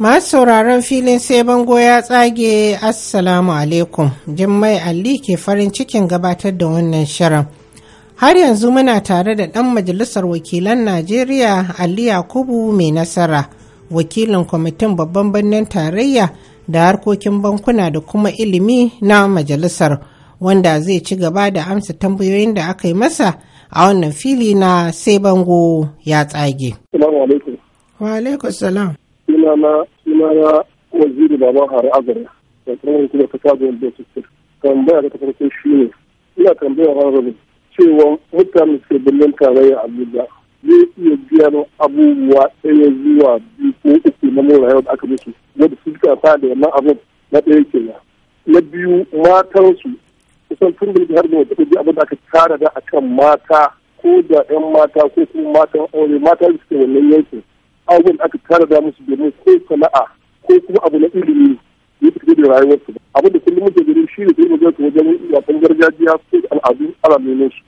Masu sauraron filin sai bango ya tsage Assalamu alaikum. Jummai Ali ke farin cikin gabatar da wannan shirin. Har yanzu muna tare da ɗan majalisar wakilan Najeriya Ali Yakubu mai nasara, wakilin kwamitin babban birnin tarayya da harkokin bankuna da kuma ilimi na majalisar, wanda zai ci gaba da amsa tambayoyin da aka yi masa a wannan fili na sai bango ya tsage. Wa alaikum salam. suna na waziri baban hari azare da tsarin kuma ta kajin da su tambaya da ta farko shi ne ina tambaya honorable cewa mutane suke birnin tarayya abuja zai iya na abubuwa ɗaya zuwa biyu ko uku na mura yau da aka musu wadda su suka sa da yamma abin na ɗaya ya na biyu matansu kusan tun da har da wata ɗaya abin da aka tara da akan mata ko da 'yan mata ko kuma matan aure mata ke wannan yankin abubuwan da aka tara da musu domin ko sana'a ko kuma abu na ilimi ya fi da rayuwarsu ba abin da kullum muke gani shi ne zai zai wajen wasan gargajiya ko al'adu ana neman su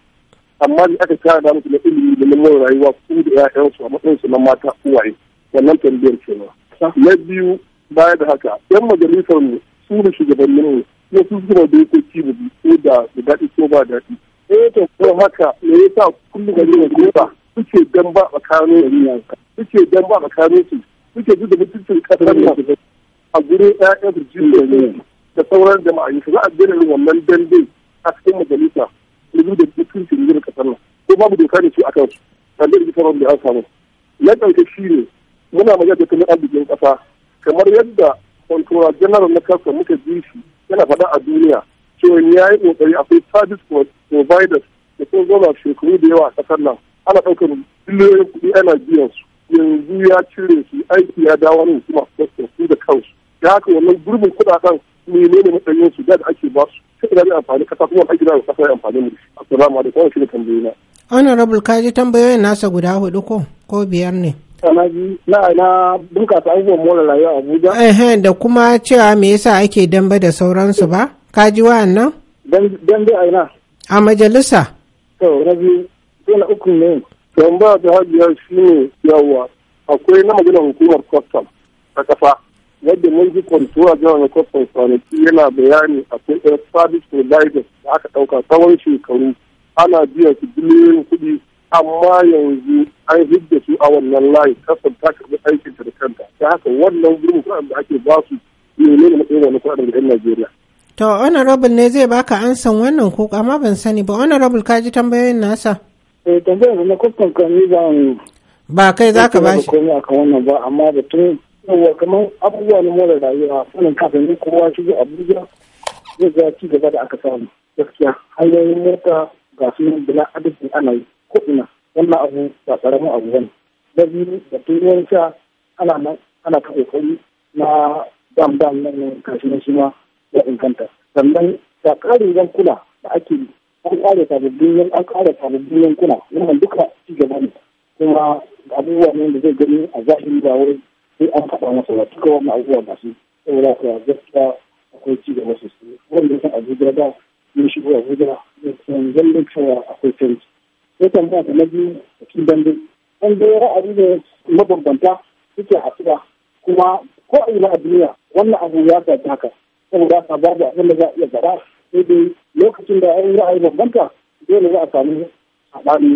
amma da aka tara da musu na ilimi da neman rayuwa ko da 'ya'yansu a matsayinsu na mata uwaye wannan tambayar kenan na biyu baya da haka yan majalisar mu su da shugabannin mu kuma sun zuba dokoki mu ko da da daɗi ko ba daɗi eh to ko haka me yasa kullum gari ne ko ba suke dan ba tsakanin yanzu suke dan ba su suke ji da mutuncin kasar nan a gurin ya'ya su jirgin ne da sauran jama'a yi za a gina yin wannan dande a cikin majalisa da da mutuncin jiya kasar nan ko babu doka da su a kansu ba da rikitar wanda an samu ya ɗauke shi ne muna magana da kuma arzikin ƙasa kamar yadda controller general na kasa muka ji shi yana faɗa a duniya cewa ya yi ƙoƙari akwai service providers da sun zauna shekaru da yawa a ƙasar nan ana ɗaukar biliyoyin kuɗi ana biyan su yanzu ya cire su aiki ya dawo ne su masu su da kansu da haka wannan gurbin kudaden mene ne matsayin su da ake ba su sai da amfani kasa kuma ai gidan kasa ya amfani mu assalamu alaikum shi da tambayoyi honorable kaji tambayoyin nasa guda hudu ko ko biyar ne sanaji na na bunkasa abubuwan more rayuwa Abuja. ehe da kuma cewa me yasa ake damba da sauransu ba? kaji ji nan Dambe a ina. A majalisa? To na biyu, na uku ne. tambaya da hajiya shi ne yawa akwai na maganar hukumar kwastam ta kasa yadda mun ji kwantuwa jihar kwastam kwanaki yana bayani akwai ɗan sabis provider da aka ɗauka tsawon shekaru ana biya su biliyoyin kuɗi amma yanzu an hidda su a wannan layi kasar ta karɓi aikin da kanta ta haka wannan gurin kuɗin da ake ba su ne ne matsayin wani kuɗin da Najeriya. To honorable ne zai baka ansan wannan ko amma ban sani ba honorable ka ji tambayoyin nasa. eh tambayar na kwastan kan ni ba kai za ka bashi akan wannan ba amma da tun yawa kamar abubuwa na more rayuwa suna kafin kowa shigo abuja zai ga ci gaba da aka samu gaskiya hanyoyin mota ga su nan bila adadin ana yi ko ina wannan abu ba karamin abu bane da biyu da tun sha ana nan ana ta kokari na dam dam nan kashi na shi ma ya inganta sannan da ƙarin yankuna da ake yi an kare sababbin yan an kare sababbin yankuna wannan duka ci gaba ne kuma abubuwa ne da zai gani a zahiri ba wai sai an faɗa masa ba duka wannan abubuwa masu saboda ka gaskiya akwai ci gaba sosai wanda yake abuja da mun shigo abuja da san zallin cewa akwai canji sai tambaya ta na biyu a cikin dambe an dai ra'ayi ne mabambanta suke haɗuwa kuma ko a yi na a duniya wannan abu ya ta haka saboda haka babu abin da za a iya gaba sai dai lokacin da yan ra'ayi bambanta dole za a samu saɓani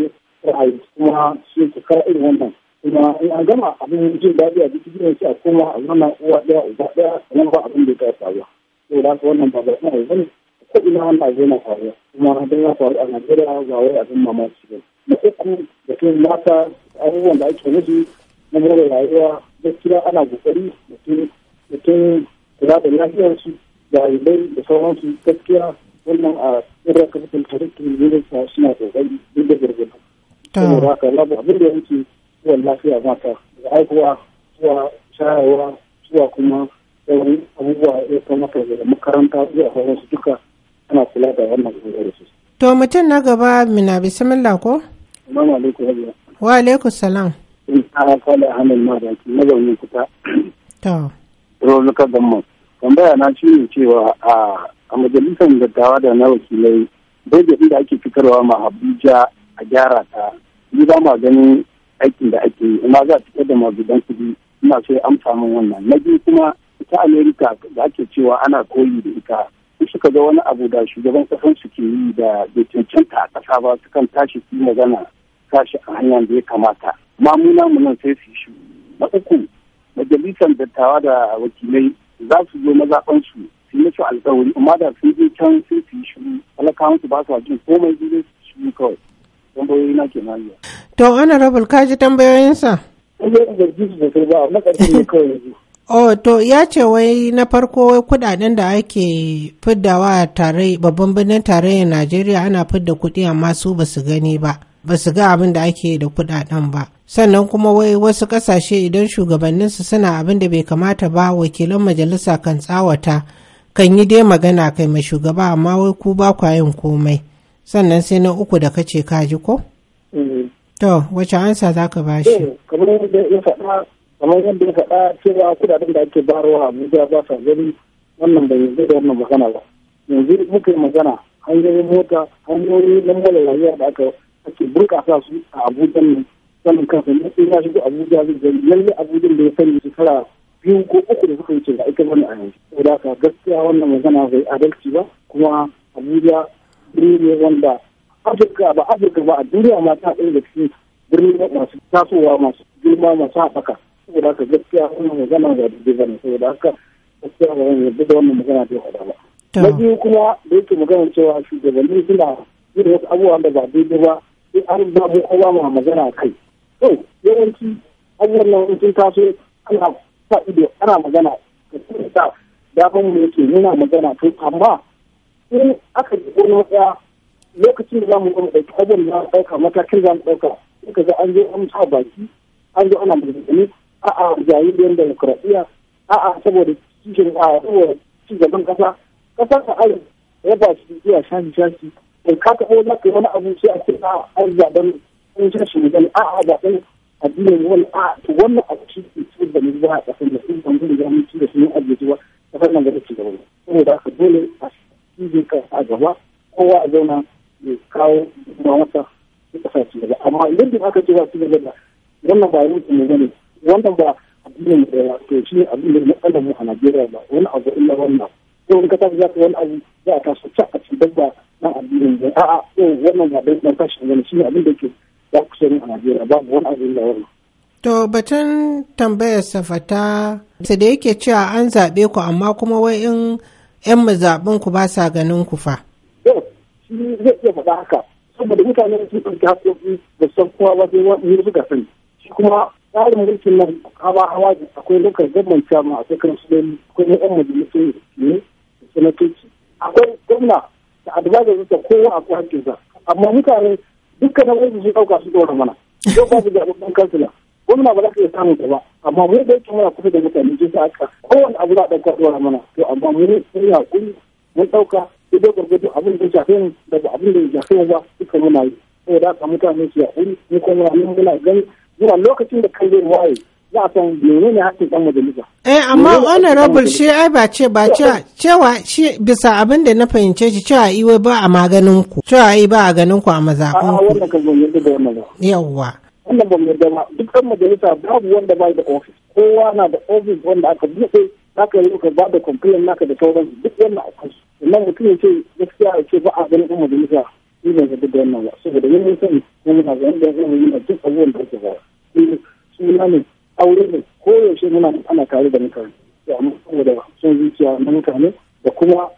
ra'ayi kuma shi su kara irin wannan kuma in an gama abin jin daɗi a jikin gidan shi a koma a zama uwa ɗaya uba ɗaya kamar ba abin da ya faruwa to da wannan ba zaɓen abu bane ko ina a zai na faruwa kuma don ya faru a najeriya ga wai abin mamaki ba na uku da tun mata abubuwan da ake musu na mura rayuwa gaskiya ana kokari mutum mutum kula da lafiyarsu jarirai da sauransu gaskiya wannan a suna da babu abin da lafiya mata da zuwa kuma yawan abubuwa ya da makaranta zuwa duka kula da wannan ɓangare To mutum na gaba mina bisimila ko? Salamu alaikum hajiya. Wa alaikum salam. In ta hannun ma da ke kuta. To. tambaya na shi ne cewa a majalisar dattawa da na wakilai budget da ake fitarwa ma habuja a gyara ta ni ba ma ganin aikin da ake yi ina za a fitar da mazudan kuɗi ina so an samu wannan na biyu kuma ita Amerika da ake cewa ana koyi da ita in suka ga wani abu da shugaban kasan su ke yi da da cancanta a kasa ba sukan tashi su magana tashi a hanyar da ya kamata mamuna mu nan sai su shi na uku majalisar dattawa da wakilai za su zo mazaɓansu su yi musu alƙawari amma da sun je can sun su yi shiru talakawan su ba su jin komai su shiru kawai tambayoyi na ke nan to honorable ka ji tambayoyinsa an yi zargi su sosai ba na ƙarshe ne kawai yanzu Oh, to ya ce wai na farko wai kudaden da ake fiddawa tare babban birnin tarayyar Najeriya ana fidda kudi amma su ba su gani ba. ba su ga abin da ake da kudaden ba sannan kuma wai wasu kasashe idan shugabanninsu suna abin da bai kamata ba wakilan majalisa kan tsawata kan yi dai magana kai mai shugaba amma wai ku ba kwa yin komai sannan sai na uku da kace ka ji ko mm-hmm. to wace ansa za ka bashi kamar yadda ya faɗa kamar yadda ya faɗa cewa kudaden da ake barowa abuja ba sa gani wannan bai yi da wannan magana ba yanzu muka yi magana hanyoyin mota hanyoyin lambar mala rayuwa da aka ake bunƙasa su a abuja ne sanin kansa ne in ya shigo abuja zai gani lalle abuja da ya sani shekara biyu ko uku da suka wuce ga ita wani a yanzu da ka gaskiya wannan magana bai adalci ba kuma abuja birni ne wanda afirka ba afirka ba a duniya ma ta ɗaya da cikin birni masu tasowa masu girma masu haɓaka saboda ka gaskiya wannan magana ba daidai ba ne saboda haka gaskiya ba zan yarda da wannan magana bai faɗa ba. Na biyu kuma da yake magana cewa shugabanni suna yin wasu abubuwan da ba daidai ba sai an ba mu kowa ma magana kai to yawanci hanyar nan sun taso ana sa ido ana magana ga kuma sa daban mu yake nuna magana to amma in aka ji wani matsaya lokacin da za mu gama ɗauki abin da ɗauka matakin za mu ɗauka sai ka ga an zo an sa baki an zo ana magana a'a yayin da demokradiyya a'a saboda cikin a saboda ci gaban ƙasa ƙasar da ai ya ba shi iya shashi shashi in ka taɓo na kai wani abu sai a ce a an zaben an ji shi ne a a zaben addinin wani a to wannan abu shi ke ci da mu ba a ƙasar da sun bangare da mu ci da su ne a gajiwa ta fannin gaba ci gaba saboda haka dole a cikin ka a gaba kowa a zauna ya kawo kuma masa ya ƙasa ci gaba amma idan aka ce ba ci gaba da wannan ba yanki ne gane wannan ba addinin da to shi ne abin da matsalar mu a Najeriya ba wani abu illa wannan ko in ka za wani abu za a taso can a cikin dabba na addinin ne a'a ko wannan ba dai ban tashi wani shi abin da ke za kusa sani a Najeriya babu wani abin da wannan To batun tambayar safata su da yake cewa an zaɓe ku amma kuma wai in 'yan mazaɓin ku ba sa ganin ku fa. Yau, shi zai iya faɗa haka, saboda mutane sun ɗauki haƙoƙi da san kowa ba sai wani suka sani. Shi kuma tsarin mulkin nan hawa hawa akwai lokacin gaban cama akwai kan su akwai 'yan majalisun ne sanatoci akwai gwamna da advisor ta kowa a kwakin sa amma mutane dukkanin wani su ɗauka su dora mana yau ba su da abubuwan kansila gwamna ba za ka iya samun ta ba amma mu da yake muna kusa da mutane jin sa aka kowane abu za a dauka dora mana to amma mu ne sun yi hakuri mun ɗauka sai dai gwargwado abin da ya shafe mu da abin da ya shafe mu ba duka muna yi saboda haka mutane su hakuri mu kuma muna gani zuwa lokacin da kan zai waye ba a san menene haƙƙin ɗan majalisa. Eh amma honorable shi ai ba ce ba cewa shi bisa abin da na fahimce shi cewa iwe ba a maganin ku cewa ai ba a ganin ku a mazaɓin ku. A wannan da wannan Yawwa. Wannan ba mu yadda ba duk da ofis kowa na da ofis wanda aka buɗe zaka yi ka ba da complain naka da sauransu duk wannan a kansu. Sannan mutum ya ce gaskiya ya ce ba a ganin ɗan majalisa shi ne ga duk wannan ba saboda yin sani ko muna yi na duk abubuwan da ake ba. Suna ne aure ne ko yaushe muna ana tare da mutane ya amma saboda son zuciya na mutane da kuma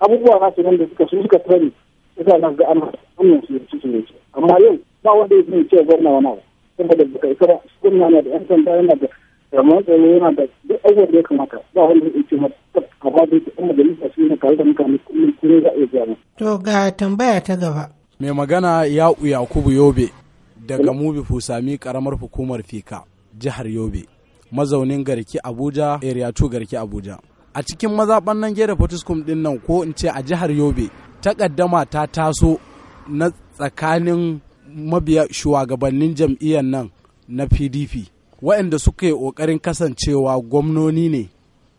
abubuwa na su da suka su suka sani yasa na ga ana wannan su yanzu su yanzu amma yau ba wanda ya sani cewa gwamna wani abu saboda ba kai kaba na da yan sanda yana da ramon tsaro yana da duk abubuwan da ya kamata ba wanda ya ce mata a ba da kuma majalisa su yana tare da mutane kullum kullum za a iya to ga tambaya ta gaba mai magana ya'u yakubu yobe daga mubi fusami karamar hukumar fika jihar Yobe, mazaunin garki Abuja, area 2 garki Abuja. A cikin mazaɓan nan gera potiskum ɗin nan ko in ce a jihar Yobe, takaddama ta taso na tsakanin mabiya shugabannin jam'iyyar nan na PDP, waɗanda suka yi ƙoƙarin kasancewa gwamnoni ne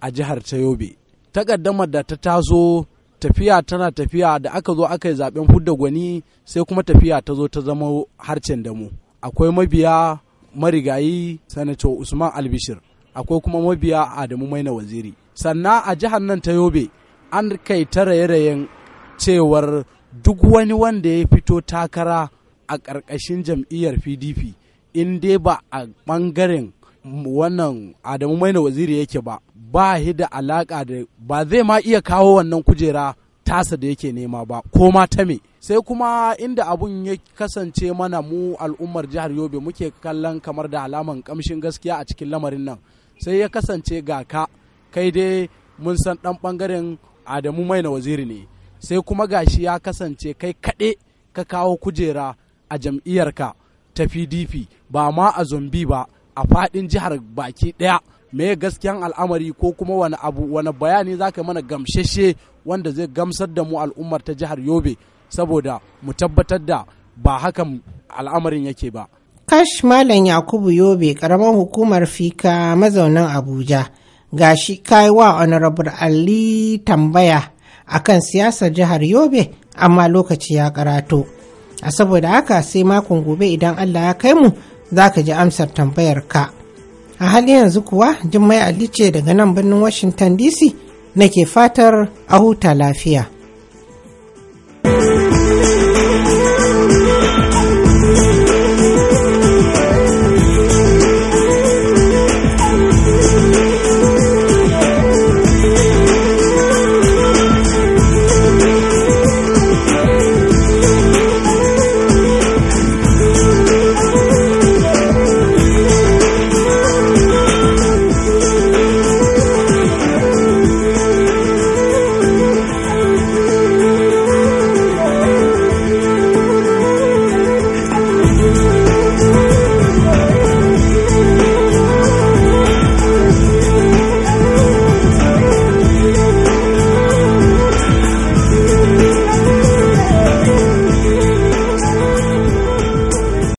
a jihar ta Yobe. Takaddama da ta taso tafiya tana tafiya da aka zo aka yi zaben fudda gwani sai kuma tafiya ta zo ta zama harcen damu akwai mabiya marigayi sanato usman albishir akwai kuma mabiya adamu mai na waziri sannan a jihar nan ta yobe an kai ta raye-rayen cewar duk wani wanda ya fito takara a ƙarƙashin jam'iyyar pdp in dai ba a ɓangaren wannan adamu na waziri yake ba ba shi da alaƙa da ba zai ma iya kawo wannan kujera tasa da yake nema ba ko ma ta me sai kuma inda abun ya kasance mana mu al'ummar jihar yobe muke kallon kamar da alaman kamshin gaskiya a cikin lamarin nan sai ya kasance ga ka kai dai mun san dan bangaren adamu mai na waziri ne sai kuma gashi ya kasance kai kaɗe ka kawo kujera a jam'iyyarka ta pdp ba ma a zombi ba a faɗin jihar baki ɗaya me gaskiyan al'amari ko kuma wani abu wani bayani za ka mana gamsheshe wanda zai gamsar da mu al'ummar ta jihar yobe saboda mu tabbatar da ba hakan al'amarin yake ba. Kash Malam Yakubu Yobe karamar hukumar Fika mazaunan Abuja gashi kai wa Honorable Ali tambaya akan siyasar jihar Yobe amma lokaci ya karato. A saboda haka sai makon gobe idan Allah ya kai mu za ka ji amsar tambayar ka. A hali yanzu kuwa Jummai Ali ce daga nan birnin Washington DC nake fatar a huta lafiya.